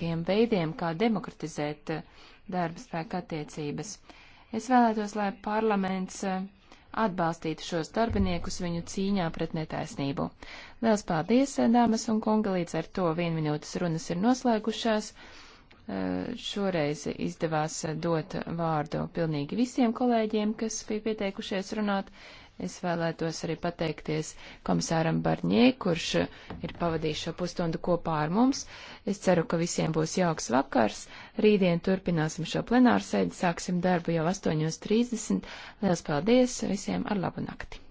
praktiskiem veidiem, kā demokratizēt eh, darba spēka attiecības. Es vēlētos, lai parlaments eh, atbalstītu šos darbiniekus viņu cīņā pret netaisnību. Liels paldies, eh, dāmas un kungi, līdz ar to vienminūtes runas ir noslēgušās šoreiz izdevās dot vārdu pilnīgi visiem kolēģiem, kas bija pieteikušies runāt. Es vēlētos arī pateikties komisāram Barņē, kurš ir pavadījis šo pusstundu kopā ar mums. Es ceru, ka visiem būs jauks vakars. Rītdien turpināsim šo plenāru sēdi, sāksim darbu jau 8.30. Liels paldies visiem ar labu nakti!